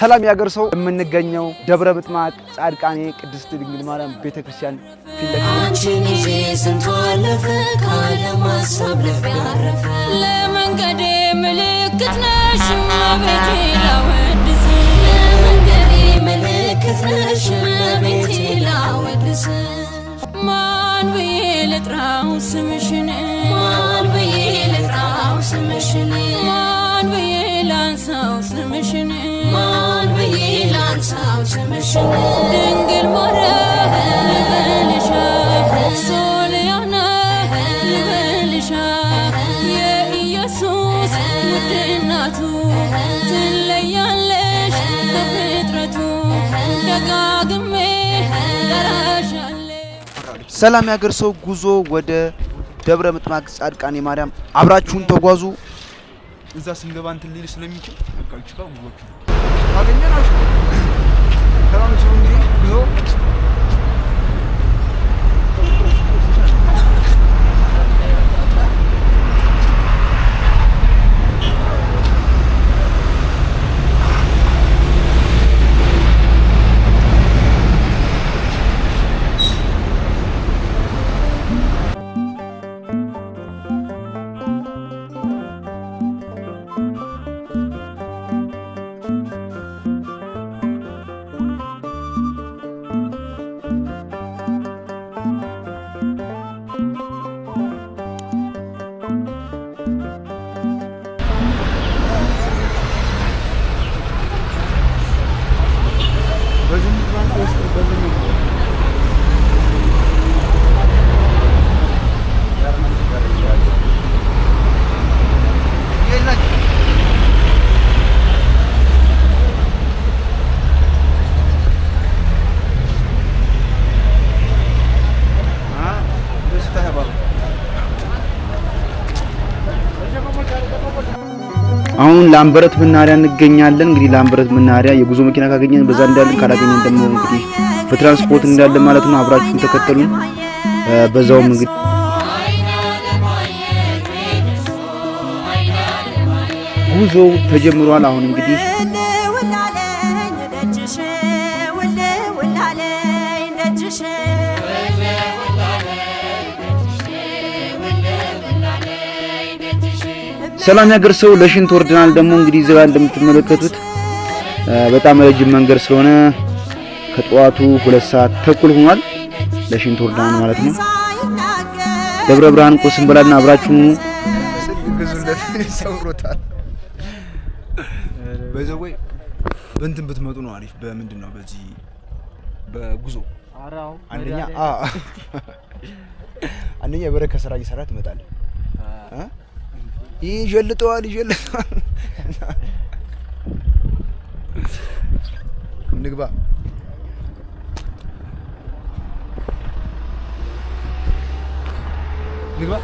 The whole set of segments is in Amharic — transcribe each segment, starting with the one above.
ሰላም ያገር ሰው የምንገኘው ደብረ ምጥማቅ ጻድቃኔ ቅድስት ድንግል ማርያም ቤተክርስቲያን ፊት ለመንገዴ ምልክት ነሽ እመቤቴ ላወድስ ለመንገዴ ምልክት ነሽ እመቤቴ ላወድስ ማን ብዬ ልጥራው ስምሽን ማን ብዬ ልጥራው ስምሽን ማን ብዬ ላንሳው ስምሽን ማን ብዬ ላንሳው ስምሽን የኢየሱስ ውድ እናቱ ትለያለሽ ደጋግሜ ሰላም ያገር ሰው ጉዞ ወደ ደብረ ምጥማቅ ጻድቃኔ ማርያም አብራችሁን ተጓዙ። እዛ ስንገባ እንትን ሊል ስለሚችል በቃ 생겨나시고 사람 주름이 그래서 አሁን ላምበረት መናሪያ እንገኛለን። እንግዲህ ላምበረት መናሪያ የጉዞ መኪና ካገኘን በዛ እንዳለን፣ ካላገኘን ደግሞ እንግዲህ በትራንስፖርት እንዳለን ማለት ነው። አብራችሁን ተከተሉ። በዛውም እንግዲህ ጉዞው ተጀምሯል። አሁን እንግዲህ ሰላም ያገር ሰው ለሽንት ወርድናል። ደግሞ እንግዲህ እዚህ ጋር እንደምትመለከቱት በጣም ረጅም መንገድ ስለሆነ ከጠዋቱ ሁለት ሰዓት ተኩል ሆኗል። ለሽንት ወርድናል ማለት ነው። ደብረ ብርሃን ቁርስ እንበላና አብራችሁ በዘወይ በእንትን ብትመጡ ነው አሪፍ። በምንድን ነው በዚህ በጉዞ አንደኛ አንደኛ በረከ ስራ እየሰራ ትመጣለህ። ይዠልጠዋል ይዠልጠዋል። ንግባ ንግባ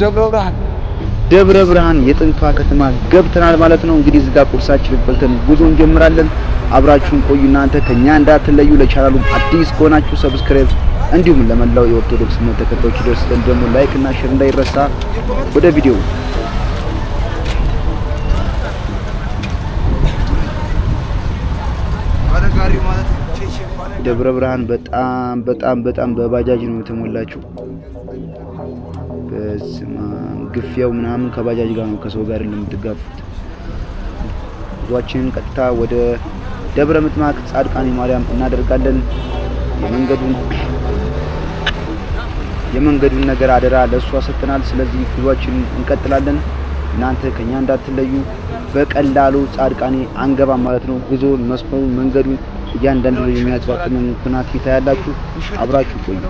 ደብረ ብርሃን ደብረ ብርሃን የጥንቷ ከተማ ገብተናል ማለት ነው። እንግዲህ እዚህ ጋር ቁርሳችንን በልተን ጉዞ እንጀምራለን። አብራችሁን ቆዩ። እናንተ ከኛ እንዳትለዩ። ለቻናሉ አዲስ ከሆናችሁ ሰብስክራይብ፣ እንዲሁም ለመላው የኦርቶዶክስ እምነት ተከታዮች ደርስ ዘንድ ደግሞ ላይክ እና ሼር እንዳይረሳ። ወደ ቪዲዮ ደብረ ብርሃን በጣም በጣም በጣም በባጃጅ ነው የተሞላችሁ። ግፊያው ምናምን ከባጃጅ ጋር ነው፣ ከሰው ጋር የምትጋፉት። ጉዟችንን ቀጥታ ወደ ደብረ ምጥማቅ ጻድቃኔ ማርያም እናደርጋለን። የመንገዱን የመንገዱን ነገር አደራ ለእሷ ሰጥተናል። ስለዚህ ጉዟችንን እንቀጥላለን። እናንተ ከኛ እንዳትለዩ። በቀላሉ ጻድቃኔ አንገባ ማለት ነው። ጉዞ መስመሩን፣ መንገዱን እያንዳንዱ የሚያጥባጥመን ኩናት ይታያላችሁ። አብራችሁ ቆዩ።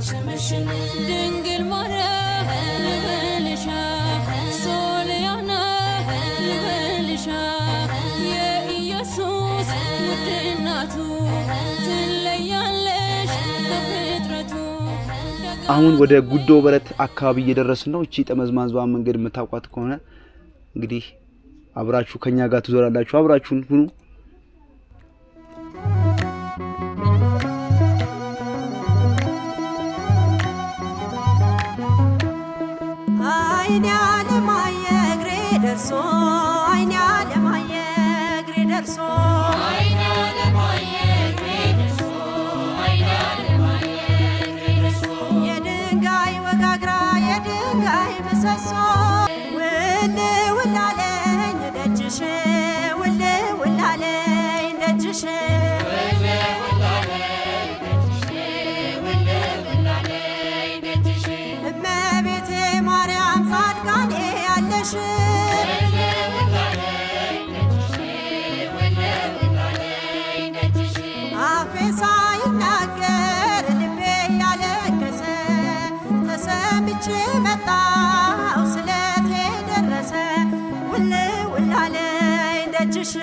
ድንግል የኢየሱስ አሁን ወደ ጉዶ በረት አካባቢ እየደረስን ነው። እቺ ጠመዝማዟ መንገድ የምታውቋት ከሆነ እንግዲህ አብራችሁ ከኛ ጋር ትዞራላችሁ። አብራችሁን ሁኑ። ഞാൻ ቆሽሽ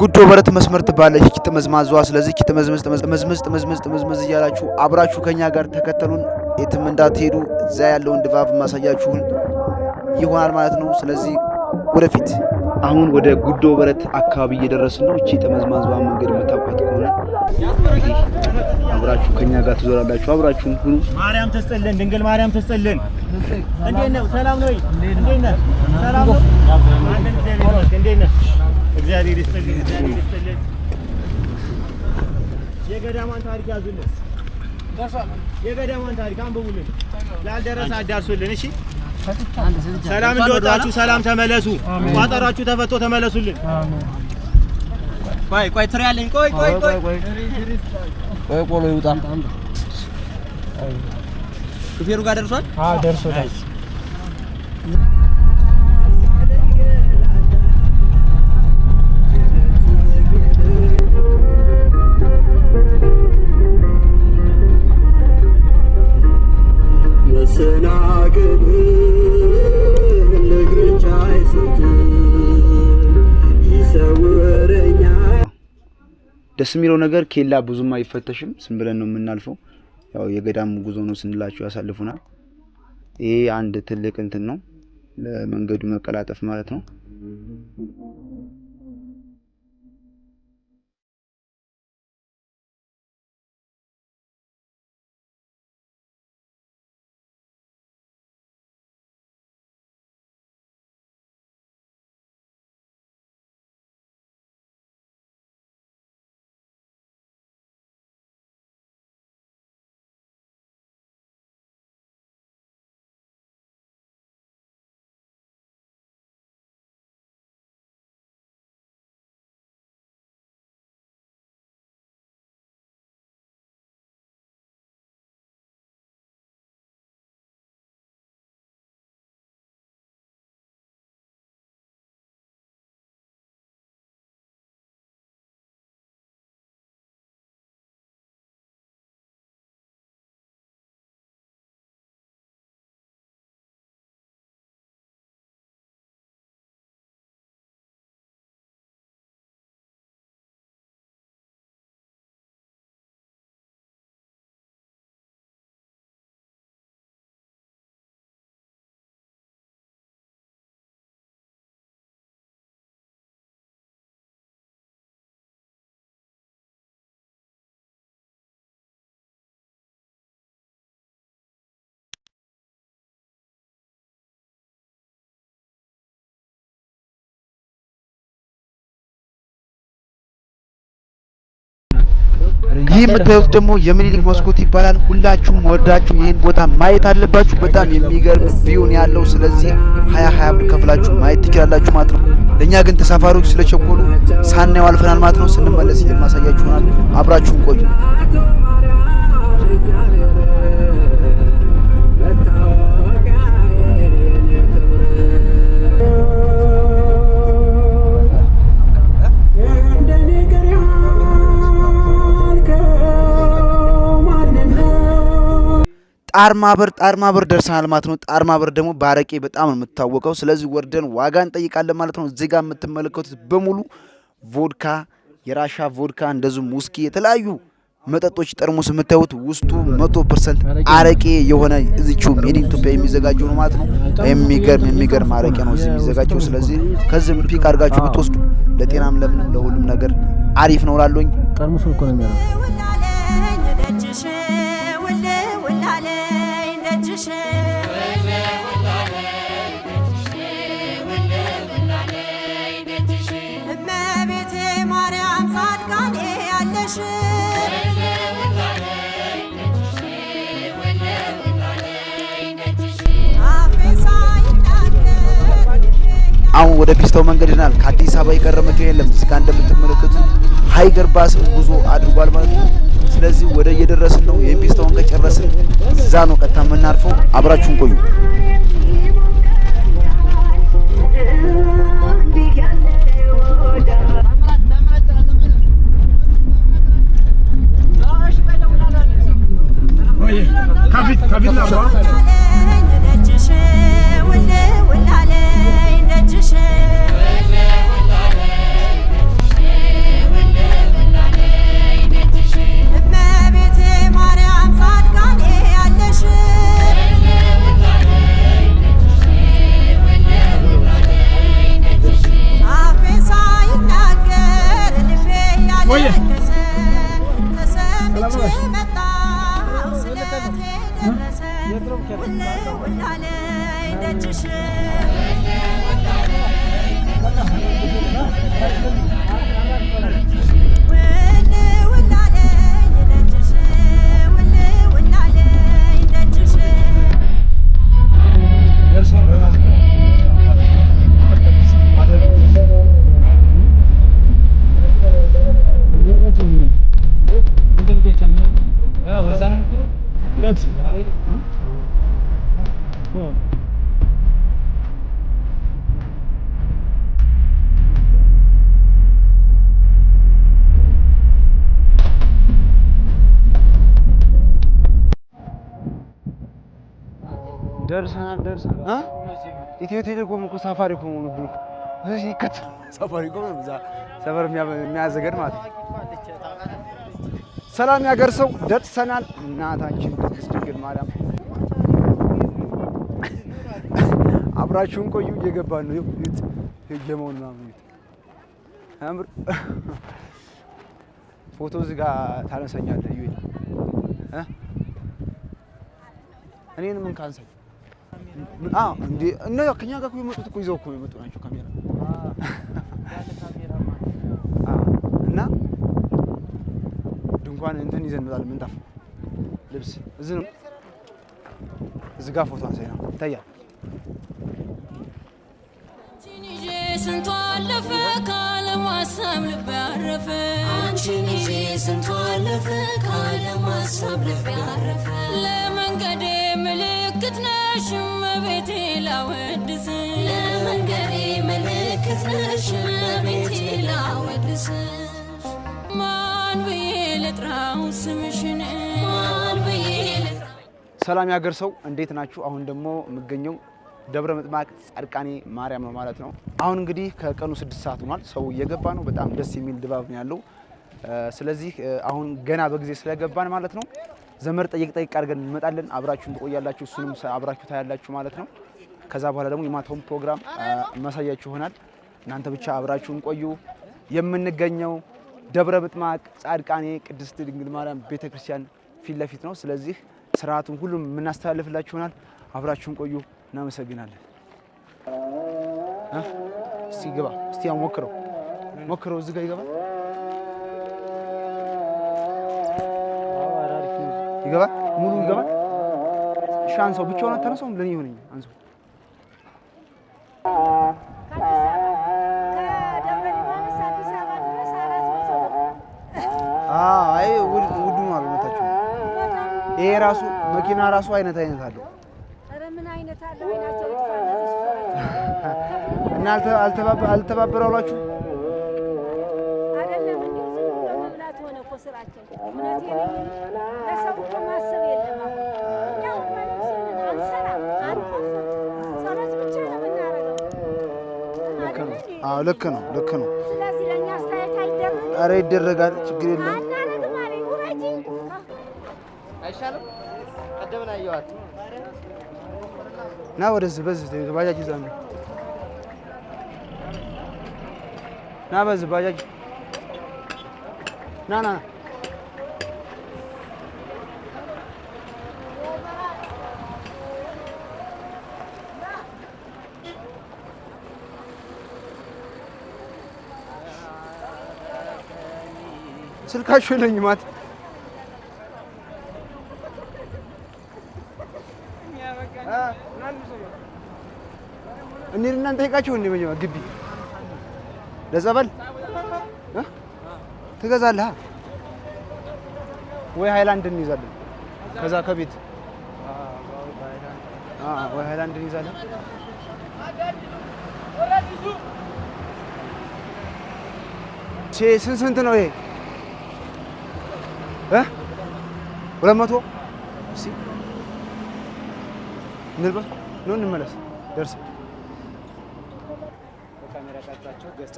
ጉዶ በረት መስመር ትባለች ኪት መዝማዟ። ስለዚህ ኪት መዝመዝ መዝመዝ መዝመዝ መዝመዝ እያላችሁ አብራችሁ ከኛ ጋር ተከተሉን። የትም እንዳትሄዱ እዛ ያለውን ድባብ ማሳያችሁን ይሆናል ማለት ነው። ስለዚህ ወደፊት አሁን ወደ ጉዶ በረት አካባቢ እየደረስን ነው። እቺ ተመዝማዟ መንገድ መታቋት ከሆነ አብራችሁ ከኛ ጋር ትዞራላችሁ። አብራችሁን ሁኑ። ማርያም ተስጠልን፣ ድንግል ማርያም ተስጠልን። እንዴት ነው? ሰላም ነው? እንዴት ነው? ሰላም ነው? እንዴት ነው? እግዚአብሔር ይስጥልን። ይስጥልን። የገዳማን ታሪክ ያዙልን። የገዳማን ታሪክ አንብቡልን። ላልደረሰ አዳርሱልን። እሺ ሰላም እንደወጣችሁ ሰላም ተመለሱ። ቋጠሯችሁ ተፈቶ ተመለሱልን። ቆይ ቆይ ትሪያለኝ ቆይ ቆይ ቆይ ቆይ ቆሎ ይውጣ። ሹፌሩ ጋር ደርሷል? አዎ ደርሶታል። መሰናክል ልግርቻ አይስት ደስ የሚለው ነገር ኬላ ብዙም አይፈተሽም። ዝም ብለን ነው የምናልፈው። ያው የገዳም ጉዞ ነው ስንላችሁ ያሳልፉናል። ይሄ አንድ ትልቅ እንትን ነው ለመንገዱ መቀላጠፍ ማለት ነው። ይህ የምታዩት ደግሞ የምኒልክ መስኮት ይባላል። ሁላችሁም ወዳችሁ ይህን ቦታ ማየት አለባችሁ። በጣም የሚገርም ቪውን ያለው ስለዚህ ሀያ ሀያ ብር ከፍላችሁ ማየት ትችላላችሁ ማለት ነው። ለእኛ ግን ተሳፋሪዎች ስለቸኮሉ ሳናየው አልፈናል ማለት ነው። ስንመለስ የማሳያችሁ ሆናል። አብራችሁን ቆዩ። ጣርማ በር ጣርማ ደርሰናል ማለት ነው። ጣርማ በር ደግሞ በአረቄ በጣም ነው የምታወቀው። ስለዚህ ወርደን ዋጋ እንጠይቃለን ማለት ነው። እዚህ ጋር የምትመለከቱት በሙሉ ቮድካ፣ የራሻ ቮድካ እንደዚሁም ውስኪ፣ የተለያዩ መጠጦች ጠርሙስ የምታዩት ውስጡ መቶ ፐርሰንት አረቄ የሆነ እዚቹ ሜድ ኢን ኢትዮጵያ የሚዘጋጀው ነው ማለት ነው። የሚገርም የሚገርም አረቄ ነው እዚህ የሚዘጋጀው። ስለዚህ ከዚህም ፒክ አድርጋችሁ ብትወስዱ ለጤናም ለምንም ለሁሉም ነገር አሪፍ ነው ላለኝ ጠርሙስ እመቤቴ ማርያም ጻድቃኔ ያለሽ አሁን ወደ ፒስታው መንገድ ናል። ከአዲስ አበባ የቀረ መኪና የለም። እዚህ ጋ እንደምትመለከቱ ሀይገር ባስ ጉዞ አድርጓል ማለት ነው። ስለዚህ ወደ እየደረስን ነው። ይህን ፒስታውን ከጨረስን እዛ ነው ቀጥታ የምናርፈው። አብራችሁን ቆዩ። ከፊት ከፊት ቆየ ደርሰናል ደርሰናል። ኢትዮ ቴሌኮም እኮ ሳፋሪኮም ነው ይከት ሳፋሪኮም ሰፈር የሚያዘገድ ማለት ነው። ሰላም ያገር ሰው ደርሰናል። እናታችን ቅድስት ድንግል ማርያም አብራችሁን ቆዩ። እየገባን ነው ነው ማለት አምር ፎቶ እዚህ ጋር ታነሰኛለህ። እኔን ምን እና ከኛ ጋር የመጡት እኮ ይዘው እኮ የመጡ ናቸው ካሜራ እና ድንኳን እንትን ይዘን እንመጣለን። ምንጣፍ ልብስ እዚህ ነው። እዚህ ጋር ፎቶ አንሳይ ነው ይታያል። ስንቷ አለፈ ካለማሰብ ልብ ያረፈ አንቺን አለፈ ካለማሰብ ልብ ያረፈ ለመንገዴ ምልክት ነሽ እመቤቴ ላወድስ ለመንገዴ ምልክት ነሽ እመቤቴ ላወድስ ማን ብዬ ልጥራው ስምሽን ማን ብዬ ሰላም ያገር ሰው እንዴት ናችሁ? አሁን ደግሞ የምገኘው ደብረ ምጥማቅ ጻድቃኔ ማርያም ነው ማለት ነው። አሁን እንግዲህ ከቀኑ ስድስት ሰዓት ሆኗል። ሰው እየገባ ነው። በጣም ደስ የሚል ድባብ ነው ያለው። ስለዚህ አሁን ገና በጊዜ ስለገባን ማለት ነው ዘመድ ጠይቅ ጠይቅ አድርገን እንመጣለን። አብራችሁን ትቆያላችሁ፣ እሱንም አብራችሁ ታያላችሁ ማለት ነው። ከዛ በኋላ ደግሞ የማታውን ፕሮግራም መሳያችሁ ይሆናል። እናንተ ብቻ አብራችሁን ቆዩ። የምንገኘው ደብረ ምጥማቅ ጻድቃኔ ቅድስት ድንግል ማርያም ቤተክርስቲያን ፊት ለፊት ነው። ስለዚህ ስርዓቱን ሁሉም የምናስተላልፍላችሁ ይሆናል። አብራችሁን ቆዩ። እናመሰግናለን። እስቲ ግባ፣ እስቲ ያው ሞክረው፣ ሞክረው እዚህ ጋር ይገባል ይገባል፣ ሙሉ ይገባል። እሺ አንሳው፣ ብቻውን አታነሳውም። ለኔ ይሆነኛል። አንሳው አይ ነው ይሄ ራሱ መኪና ራሱ አይነት አይነት አለው እና አልተባበረ አሏችሁ። ልክ ነው፣ ልክ ነው። ኧረ ይደረጋል፣ ችግር የለም። ና ወደዚህ፣ በዚህ ባጃጅ ይዛ ና፣ በዚህ ባጃጅ ና፣ ና ርካሽ ነኝ ማት እንሂድና እንጠይቃቸው። እንደ መጀመሪያ ግቢ ለጸበል ትገዛለህ ወይ ሃይላንድ እንይዛለን። ከዛ ከቤት ወይ ሃይላንድ እንይዛለን። ስንት ስንት ነው ይሄ? ሁለት መቶ እንልባ ነው እንመለስ። ደርሰህ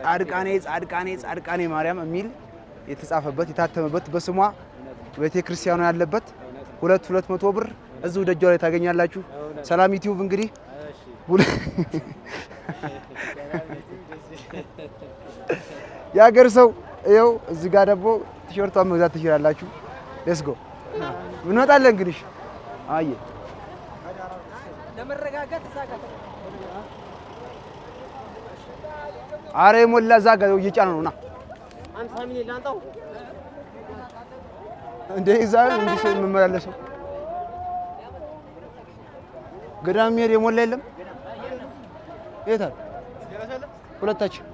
ጻድቃኔ ጻድቃኔ ጻድቃኔ ማርያም የሚል የተጻፈበት የታተመበት በስሟ ቤተ ክርስቲያኗ ያለበት ሁለት ሁለት መቶ ብር እዚሁ ደጇ ላይ ታገኛላችሁ። ሰላም ዩቲዩብ እንግዲህ የሀገር ሰው ይኸው እዚህ ጋር ደግሞ ቲሸርቷን መግዛት ትችላላችሁ። ሌትስ ጎ እንወጣለን። እንግዲህ አየ አረ የሞላ እዛ ጋ እየጫነ ነው። ና እንደ እዛ እንዲህ የምመላለሰው ገዳም የሚሄድ የሞላ የለም። የት አለ ሁለታችን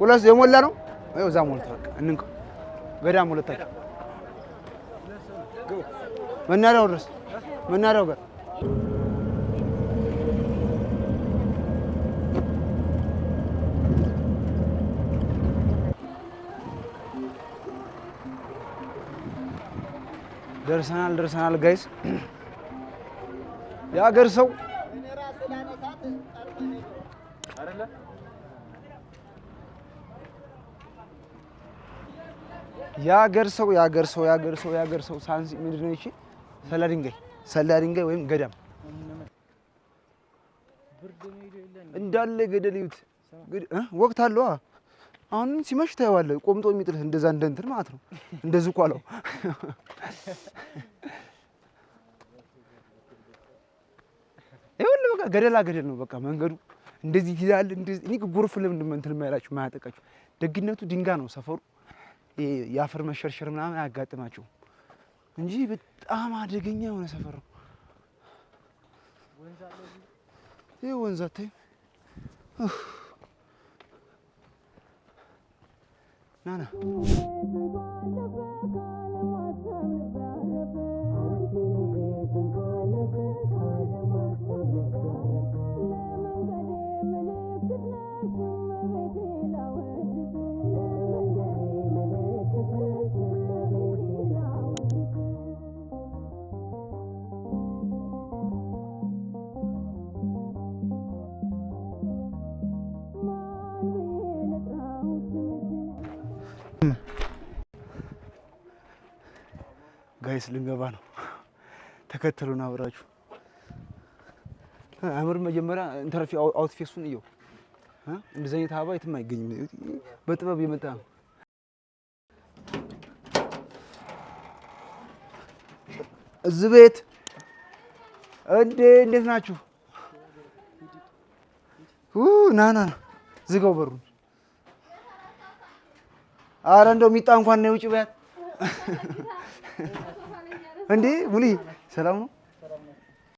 ሁለት የሞላ ነው ይኸው እዛ ሞልታ እንንቀው ገዳም ሁለታቸው መናሪያው ድረስ መናሪያው ጋር ደርሰናል ደርሰናል ጋይስ የአገር ሰው የሀገር ሰው የሀገር ሰው የሀገር ሰው የሀገር ሰው ሳንሲ ምንድን ነው? ይቺ ሰላ ድንጋይ ሰላ ድንጋይ ወይም ገዳም እንዳለ ገደል ይዩት። ወቅት አለው። አሁን ሲመሽ ታየዋለህ። ቆምጦ የሚጥልህ እንደዛ እንደ እንትን ማለት ነው። እንደዚህ ዝቋላው ይሁን በቃ ገደላ ገደል ነው። በቃ መንገዱ እንደዚህ ይላል። እንደዚህ እኔ ጉርፍ ለምን ነው እንትን ማያጠቃችሁ ደግነቱ ድንጋ ነው ሰፈሩ የአፈር መሸርሸር ምናምን አያጋጥማቸውም እንጂ በጣም አደገኛ የሆነ ሰፈር ነው። ይህ ወንዛታ ናና ጋይስ ልንገባ ነው። ተከተሉን አብራችሁ አምር። መጀመሪያ ኢንተርፊ አውትፌሱን እየው። እንደዚህ አይነት አበባ የትም አይገኝም። በጥበብ የመጣ ነው። እዚህ ቤት እንዴ! እንዴት ናችሁ? ኡ ናና ዝጋው በሩን አረ እንደው ሚጣ እንኳን ነው ውጭ በያት እንዴ። ሙሊ ሰላም ነው?